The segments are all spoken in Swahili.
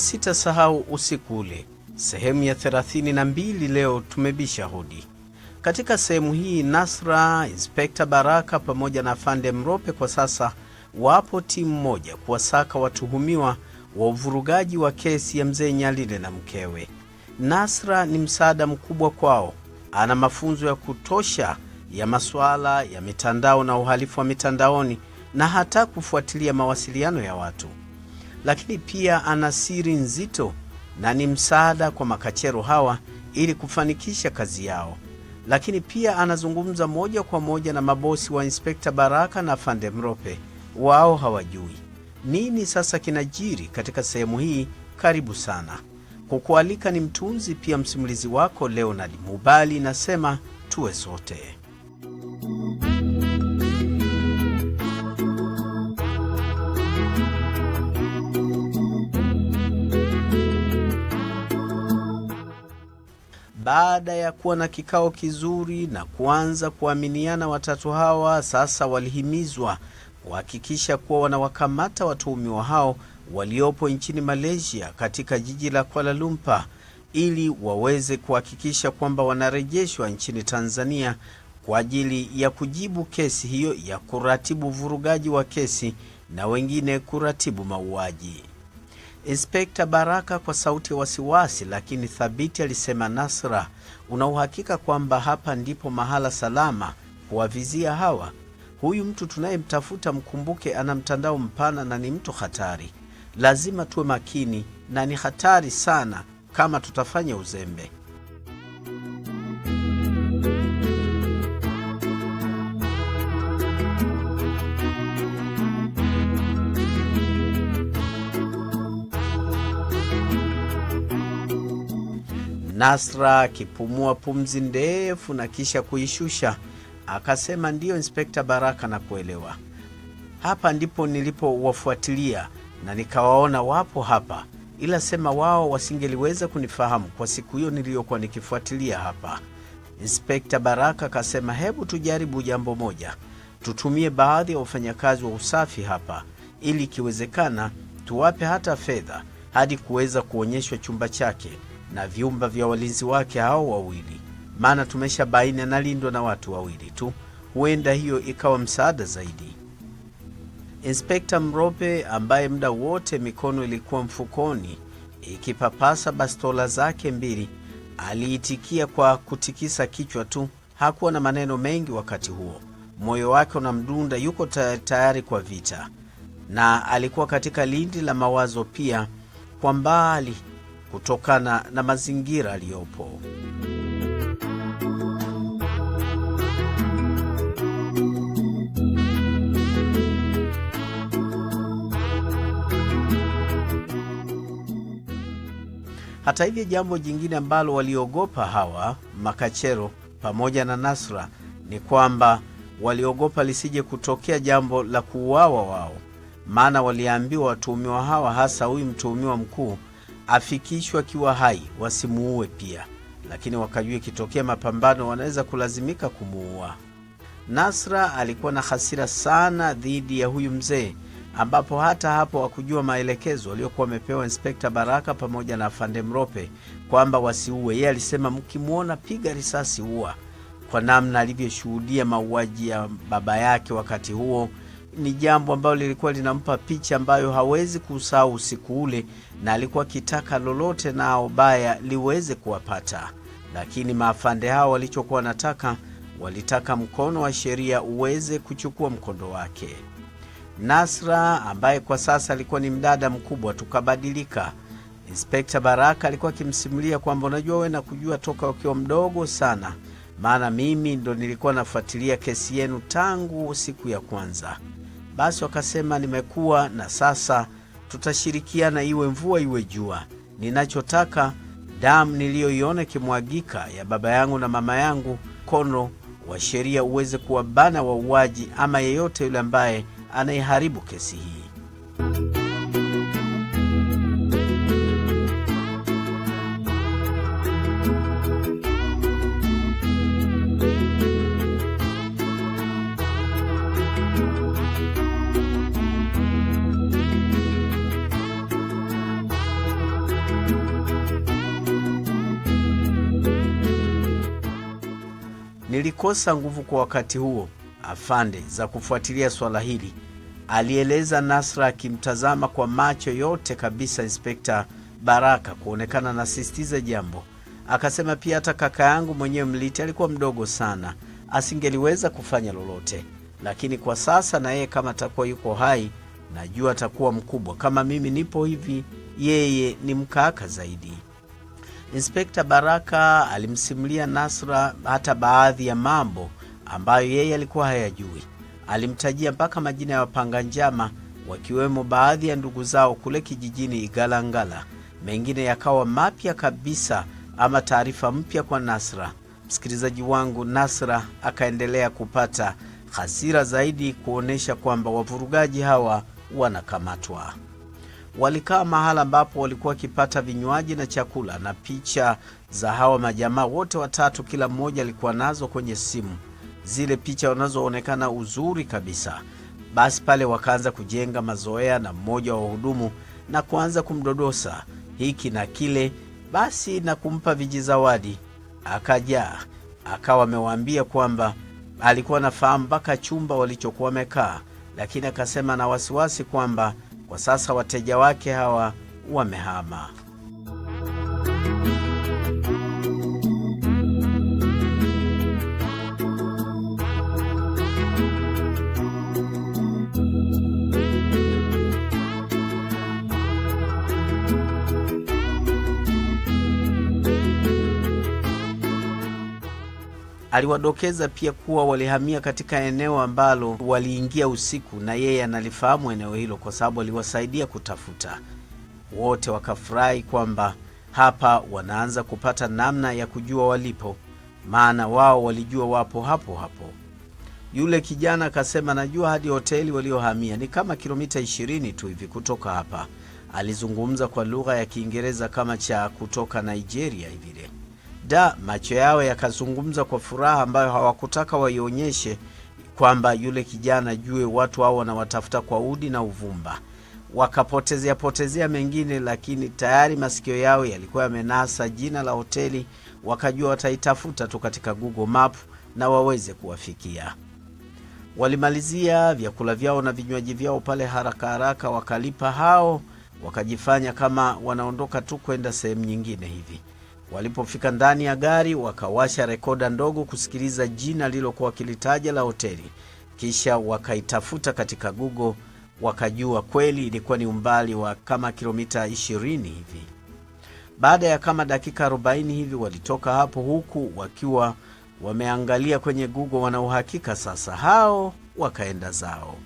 Sitasahau usiku ule, sehemu ya 32. Leo tumebisha hodi. Katika sehemu hii, Nasra, Inspekta Baraka pamoja na fande Mrope kwa sasa wapo timu moja kuwasaka watuhumiwa wa uvurugaji wa kesi ya mzee Nyalile na mkewe. Nasra ni msaada mkubwa kwao, ana mafunzo ya kutosha ya masuala ya mitandao na uhalifu wa mitandaoni na hata kufuatilia mawasiliano ya watu lakini pia ana siri nzito na ni msaada kwa makachero hawa ili kufanikisha kazi yao. Lakini pia anazungumza moja kwa moja na mabosi wa Inspekta Baraka na Fande Mrope, wao hawajui nini sasa kinajiri katika sehemu hii. Karibu sana. Kukualika ni mtunzi pia msimulizi wako Leonard Mubali, nasema tuwe sote Baada ya kuwa na kikao kizuri na kuanza kuaminiana, watatu hawa sasa walihimizwa kuhakikisha kuwa wanawakamata watuhumiwa hao waliopo nchini Malaysia katika jiji la Kuala Lumpur ili waweze kuhakikisha kwamba wanarejeshwa nchini Tanzania kwa ajili ya kujibu kesi hiyo ya kuratibu uvurugaji wa kesi na wengine kuratibu mauaji. Inspekta Baraka kwa sauti ya wasiwasi lakini thabiti alisema, Nasra, una uhakika kwamba hapa ndipo mahala salama kuwavizia hawa? Huyu mtu tunayemtafuta, mkumbuke, ana mtandao mpana na ni mtu hatari. Lazima tuwe makini na ni hatari sana kama tutafanya uzembe. Nasra akipumua pumzi ndefu na kisha kuishusha akasema, ndiyo Inspekta Baraka, na kuelewa. Hapa ndipo nilipowafuatilia na nikawaona wapo hapa, ila sema wao wasingeliweza kunifahamu kwa siku hiyo niliyokuwa nikifuatilia hapa. Inspekta Baraka akasema, hebu tujaribu jambo moja, tutumie baadhi ya wafanyakazi wa usafi hapa, ili ikiwezekana tuwape hata fedha hadi kuweza kuonyeshwa chumba chake na vyumba vya walinzi wake hao wawili, maana tumesha baini analindwa na watu wawili tu. Huenda hiyo ikawa msaada zaidi. Inspekta Mrope, ambaye muda wote mikono ilikuwa mfukoni ikipapasa bastola zake mbili, aliitikia kwa kutikisa kichwa tu. Hakuwa na maneno mengi wakati huo, moyo wake unamdunda, yuko tayari kwa vita, na alikuwa katika lindi la mawazo pia. Kwa mbali kutokana na mazingira aliyopo. Hata hivyo, jambo jingine ambalo waliogopa hawa makachero pamoja na Nasra ni kwamba waliogopa lisije kutokea jambo la kuuawa wao, maana waliambiwa watuhumiwa hawa, hasa huyu mtuhumiwa mkuu afikishwe akiwa hai, wasimuue pia, lakini wakajua ikitokea mapambano wanaweza kulazimika kumuua. Nasra alikuwa na hasira sana dhidi ya huyu mzee, ambapo hata hapo hakujua maelekezo aliyokuwa wamepewa Inspekta Baraka pamoja na afande Mrope kwamba wasiue. Yeye alisema mkimwona piga risasi, ua. Kwa namna alivyoshuhudia mauaji ya baba yake wakati huo ni jambo ambalo lilikuwa linampa picha ambayo hawezi kusahau usiku ule, na alikuwa akitaka lolote nao baya liweze kuwapata. Lakini maafande hao walichokuwa wanataka, walitaka mkono wa sheria uweze kuchukua mkondo wake. Nasra ambaye kwa sasa alikuwa ni mdada mkubwa, tukabadilika. Inspekta Baraka alikuwa akimsimulia kwamba unajua, we na kujua toka ukiwa mdogo sana, maana mimi ndo nilikuwa nafuatilia kesi yenu tangu siku ya kwanza. Basi wakasema nimekuwa, na sasa tutashirikiana, iwe mvua iwe jua. Ninachotaka damu niliyoiona ikimwagika ya baba yangu na mama yangu, mkono wa sheria uweze kuwabana wauaji ama yeyote yule ambaye anaiharibu kesi hii. Nilikosa nguvu kwa wakati huo, afande, za kufuatilia swala hili, alieleza Nasra akimtazama kwa macho yote kabisa Inspekta Baraka, kuonekana nasisitiza jambo. Akasema pia hata kaka yangu mwenyewe Mliti alikuwa mdogo sana, asingeliweza kufanya lolote, lakini kwa sasa na yeye kama atakuwa yuko hai, najua atakuwa mkubwa. Kama mimi nipo hivi, yeye ni mkaka zaidi. Inspekta Baraka alimsimulia Nasra hata baadhi ya mambo ambayo yeye alikuwa hayajui. Alimtajia mpaka majina ya wapanga njama wakiwemo baadhi ya ndugu zao kule kijijini Igalangala. Mengine yakawa mapya kabisa ama taarifa mpya kwa Nasra. Msikilizaji wangu, Nasra akaendelea kupata hasira zaidi kuonesha kwamba wavurugaji hawa wanakamatwa walikaa mahala ambapo walikuwa wakipata vinywaji na chakula, na picha za hawa majamaa wote watatu, kila mmoja alikuwa nazo kwenye simu, zile picha wanazoonekana uzuri kabisa. Basi pale wakaanza kujenga mazoea, na mmoja wa wahudumu na kuanza kumdodosa hiki na kile, basi na kumpa vijizawadi. Akajaa akawa amewaambia kwamba alikuwa anafahamu mpaka chumba walichokuwa wamekaa, lakini akasema na wasiwasi kwamba kwa sasa wateja wake hawa wamehama. Aliwadokeza pia kuwa walihamia katika eneo ambalo waliingia usiku, na yeye analifahamu eneo hilo kwa sababu aliwasaidia kutafuta. Wote wakafurahi kwamba hapa wanaanza kupata namna ya kujua walipo, maana wao walijua wapo hapo hapo. Yule kijana akasema, najua hadi hoteli waliohamia ni kama kilomita 20 tu hivi kutoka hapa. Alizungumza kwa lugha ya Kiingereza kama cha kutoka Nigeria hivile Da, macho yao yakazungumza kwa furaha ambayo hawakutaka waionyeshe kwamba yule kijana jue watu hao wanawatafuta kwa udi na uvumba. Wakapotezea potezea mengine, lakini tayari masikio yao yalikuwa yamenasa jina la hoteli, wakajua wataitafuta tu katika Google Map na waweze kuwafikia. Walimalizia vyakula vyao na vinywaji vyao pale haraka haraka, wakalipa hao, wakajifanya kama wanaondoka tu kwenda sehemu nyingine hivi. Walipofika ndani ya gari, wakawasha rekoda ndogo kusikiliza jina lilokuwa kilitaja la hoteli, kisha wakaitafuta katika Google. Wakajua kweli ilikuwa ni umbali wa kama kilomita 20 hivi. Baada ya kama dakika 40 hivi walitoka hapo, huku wakiwa wameangalia kwenye Google, wana uhakika sasa. Hao wakaenda zao.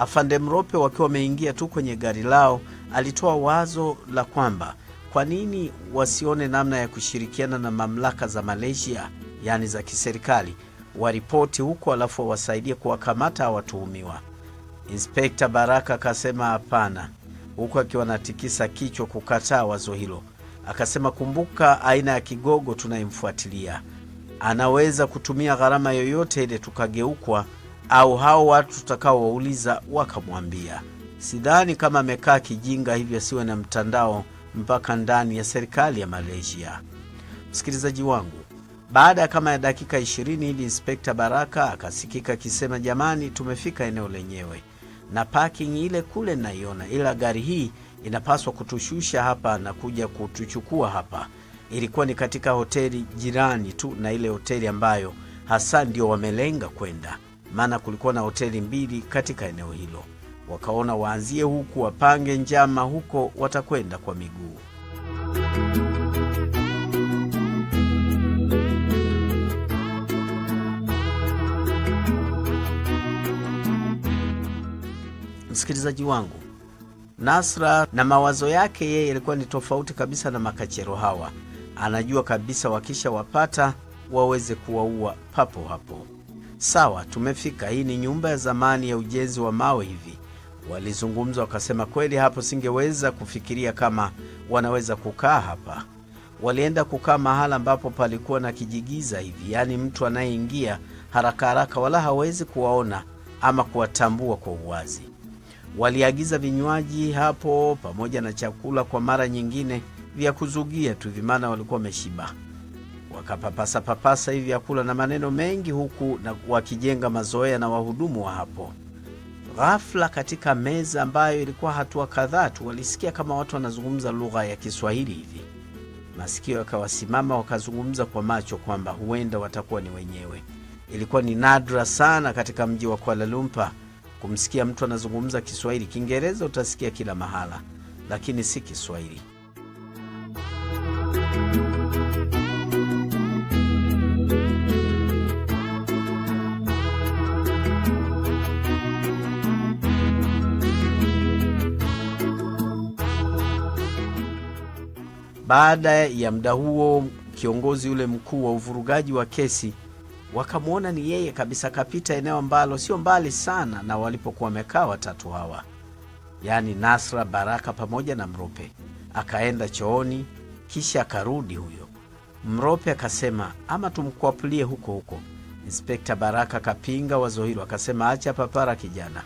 Afande Mrope wakiwa wameingia tu kwenye gari lao, alitoa wazo la kwamba kwa nini wasione namna ya kushirikiana na mamlaka za Malaysia, yani za kiserikali, waripoti huko alafu wawasaidie kuwakamata watuhumiwa. Inspekta Baraka akasema hapana, huku akiwa anatikisa kichwa kukataa wazo hilo. Akasema kumbuka, aina ya kigogo tunayemfuatilia anaweza kutumia gharama yoyote ile tukageukwa au hao watu utakaowauliza wakamwambia. Sidhani kama amekaa kijinga hivyo asiwe na mtandao mpaka ndani ya serikali ya Malaysia. Msikilizaji wangu, baada ya kama ya dakika ishirini ili Inspekta Baraka akasikika akisema, jamani, tumefika eneo lenyewe na parking ile kule naiona, ila gari hii inapaswa kutushusha hapa na kuja kutuchukua hapa. Ilikuwa ni katika hoteli jirani tu na ile hoteli ambayo hasa ndio wamelenga kwenda maana kulikuwa na hoteli mbili katika eneo hilo. Wakaona waanzie huku, wapange njama huko, watakwenda kwa miguu. Msikilizaji wangu, Nasra na mawazo yake yeye yalikuwa ni tofauti kabisa na makachero hawa. Anajua kabisa wakisha wapata waweze kuwaua papo hapo sawa, tumefika. Hii ni nyumba ya zamani ya ujenzi wa mawe hivi. Walizungumza wakasema, kweli hapo singeweza kufikiria kama wanaweza kukaa hapa. Walienda kukaa mahala ambapo palikuwa na kijigiza hivi, yaani mtu anayeingia haraka haraka wala hawezi kuwaona ama kuwatambua kwa uwazi. Waliagiza vinywaji hapo pamoja na chakula kwa mara nyingine, vya kuzugia tu, vimana walikuwa wameshiba wakapapasa papasa hivi yakula na maneno mengi, huku na wakijenga mazoea na wahudumu wa hapo. Ghafla katika meza ambayo ilikuwa hatua kadhaa tu, walisikia kama watu wanazungumza lugha ya Kiswahili hivi. Masikio yakawasimama, wakazungumza kwa macho kwamba huenda watakuwa ni wenyewe. Ilikuwa ni nadra sana katika mji wa Kuala Lumpur kumsikia mtu anazungumza Kiswahili. Kiingereza utasikia kila mahala, lakini si Kiswahili. Baada ya muda huo, kiongozi yule mkuu wa uvurugaji wa kesi wakamwona ni yeye kabisa, kapita eneo ambalo sio mbali sana na walipokuwa wamekaa watatu hawa, yaani Nasra, Baraka pamoja na Mrope. Akaenda chooni, kisha akarudi huyo Mrope akasema, ama tumkwapulie huko huko. Inspekta Baraka akapinga wazo hilo, akasema, acha papara kijana,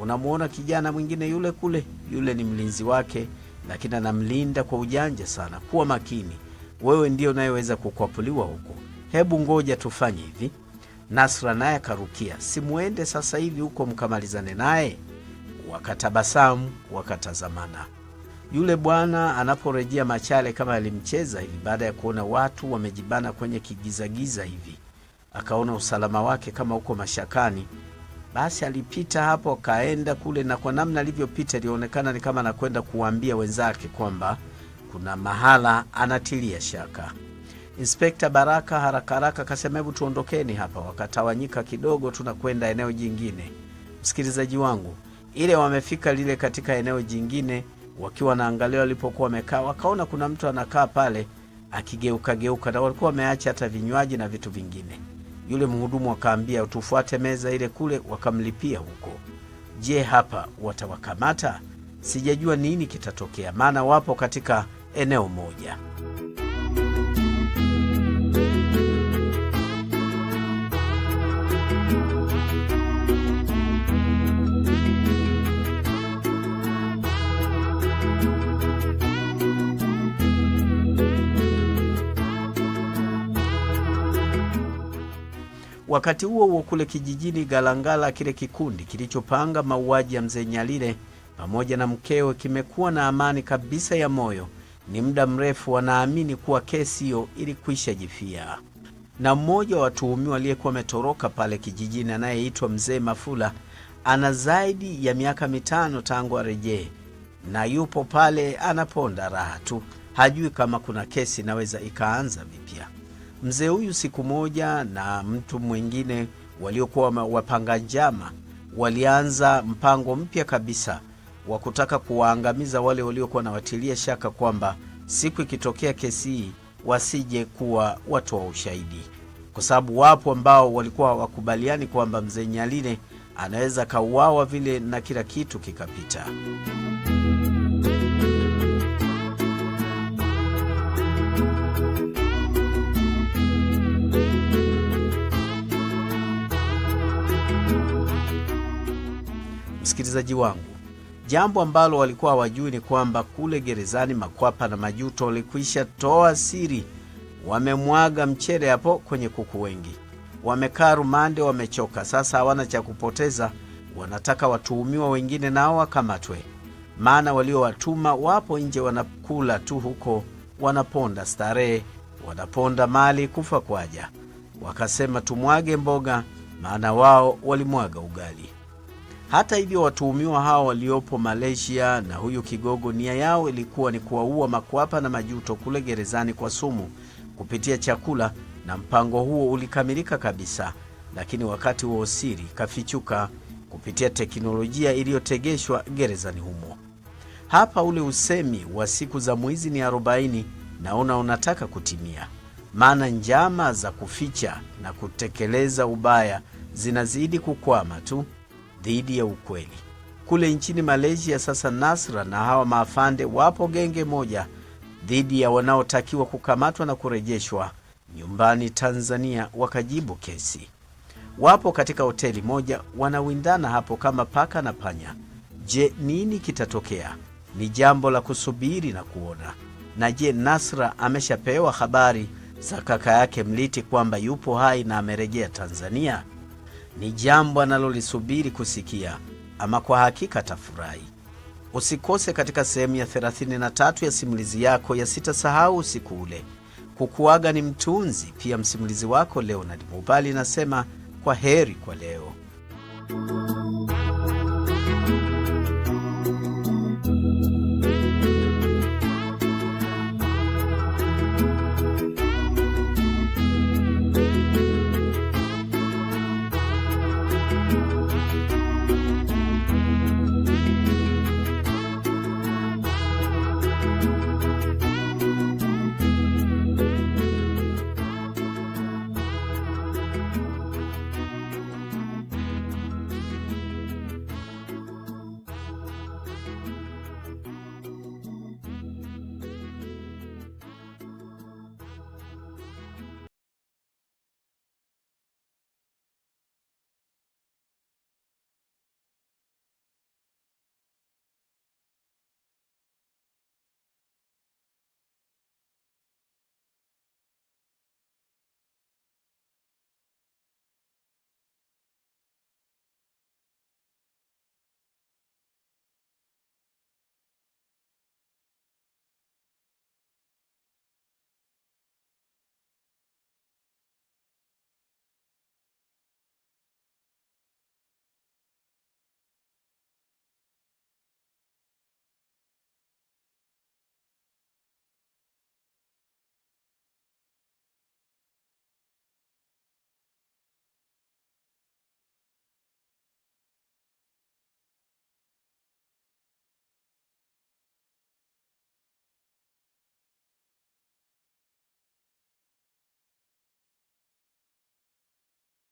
unamwona kijana mwingine yule kule? Yule ni mlinzi wake lakini anamlinda kwa ujanja sana. Kuwa makini, wewe ndiyo unayeweza kukwapuliwa huko. Hebu ngoja tufanye hivi. Nasra naye akarukia, simwende sasa hivi huko mkamalizane naye. Wakatabasamu, wakatazamana. Yule bwana anaporejea Machale kama alimcheza hivi, baada ya kuona watu wamejibana kwenye kigizagiza hivi, akaona usalama wake kama uko mashakani, basi alipita hapo akaenda kule, na kwa namna alivyopita ilionekana ni kama anakwenda kuwaambia wenzake kwamba kuna mahala anatilia shaka. Inspekta Baraka haraka haraka akasema hebu tuondokeni hapa. Wakatawanyika kidogo, tunakwenda eneo jingine. Msikilizaji wangu, ile wamefika lile katika eneo jingine, wakiwa wanaangalia walipokuwa wamekaa, wakaona kuna mtu anakaa pale akigeuka geuka, na walikuwa wameacha hata vinywaji na vitu vingine. Yule mhudumu akaambia, tufuate meza ile kule, wakamlipia huko. Je, hapa watawakamata? Sijajua nini kitatokea, maana wapo katika eneo moja. Wakati huo huo kule kijijini Galangala, kile kikundi kilichopanga mauaji ya mzee Nyalile pamoja na mkewe kimekuwa na amani kabisa ya moyo. Ni muda mrefu wanaamini kuwa kesi hiyo ilikwisha jifia, na mmoja wa watuhumiwa aliyekuwa ametoroka pale kijijini anayeitwa mzee Mafula ana zaidi ya miaka mitano tangu arejee, na yupo pale anaponda raha tu, hajui kama kuna kesi inaweza ikaanza vipya. Mzee huyu siku moja na mtu mwingine waliokuwa wapanga njama walianza mpango mpya kabisa wa kutaka kuwaangamiza wale waliokuwa nawatilia shaka kwamba siku ikitokea kesi hii wasije kuwa watu wa ushahidi, kwa sababu wapo ambao walikuwa hawakubaliani kwamba mzee Nyaline anaweza kauawa vile na kila kitu kikapita. msikilizaji wangu, jambo ambalo walikuwa hawajui ni kwamba kule gerezani Makwapa na Majuto walikwisha toa siri, wamemwaga mchele hapo kwenye kuku wengi. Wamekaa rumande, wamechoka, sasa hawana cha kupoteza. Wanataka watuhumiwa wengine nao wakamatwe, maana waliowatuma wapo nje, wanakula tu huko, wanaponda starehe, wanaponda mali kufa kwaja. Wakasema tumwage mboga, maana wao walimwaga ugali. Hata hivyo, watuhumiwa hao waliopo Malaysia na huyu kigogo, nia yao ilikuwa ni kuwaua Makwapa na Majuto kule gerezani kwa sumu kupitia chakula, na mpango huo ulikamilika kabisa, lakini wakati huo siri kafichuka kupitia teknolojia iliyotegeshwa gerezani humo. Hapa ule usemi wa siku za mwizi ni 40 naona unataka kutimia, maana njama za kuficha na kutekeleza ubaya zinazidi kukwama tu dhidi ya ukweli. Kule nchini Malaysia sasa, Nasra na hawa maafande wapo genge moja dhidi ya wanaotakiwa kukamatwa na kurejeshwa nyumbani Tanzania wakajibu kesi. Wapo katika hoteli moja, wanawindana hapo kama paka na panya. Je, nini kitatokea? Ni jambo la kusubiri na kuona. Na je, Nasra ameshapewa habari za kaka yake Mliti kwamba yupo hai na amerejea Tanzania? ni jambo analolisubiri kusikia, ama kwa hakika atafurahi. Usikose katika sehemu ya 33 ya simulizi yako ya Sitasahau Usiku Ule. Kukuaga ni mtunzi pia msimulizi wako Leonard Mubali, nasema kwa heri kwa leo.